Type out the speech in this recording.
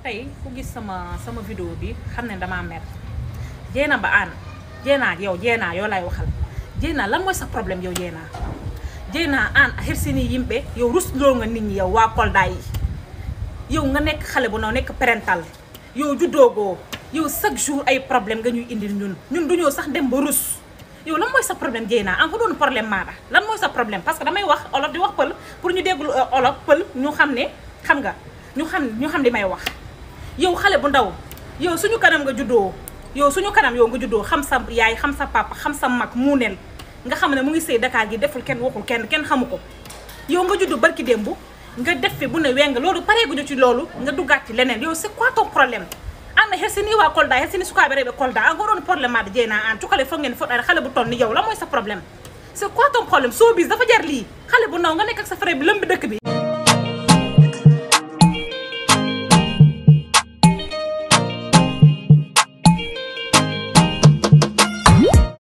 tay ku gis sama sama video bi xamne dama mer jena ba aan jena yow jéenaa yow lay waxal jéenaa lan moy sa problème yow jéenaa jéenaa an hersini yimbe yow rusloo nga nit ñi yow wa Kolda yi yow nga nek xalé bu no nek parental yow juddoogoo yow chaque jour ay problème nga ñuy indi ñun ñun duñu sax dem ba rus yow lan moy sa problème jéenaa am nga doon problème maada lan moy sa problème parce que damay wax olof di wax peul pour ñu déglu euh, olof peul ñu xamne xam nga ñu xam ñu xam limay wax yow xale bu ndaw yow suñu kanam nga juddoo yow suñu kanam yow nga juddoo xam sa yaay xam sa papa xam sa mag mu neen nga xam ne mu ngi sëy Dakar gi deful kenn waxul kenn kenn xamu ko yow nga juddu barki démb nga def fi bu ne weng loolu pareeguñu ci loolu nga duggaat ci leneen yow c'est quoi ton problème anna helsini waa Kolda helsini sukaaɓe rewɓe Kolda an goɗon probléme aɗa jeyna an cukale fof ngeen foɗɗare xale bu tonni yow la mooy sa problème c'est dafa jar lii xale bu ndaw nga nekk ak dëkk bi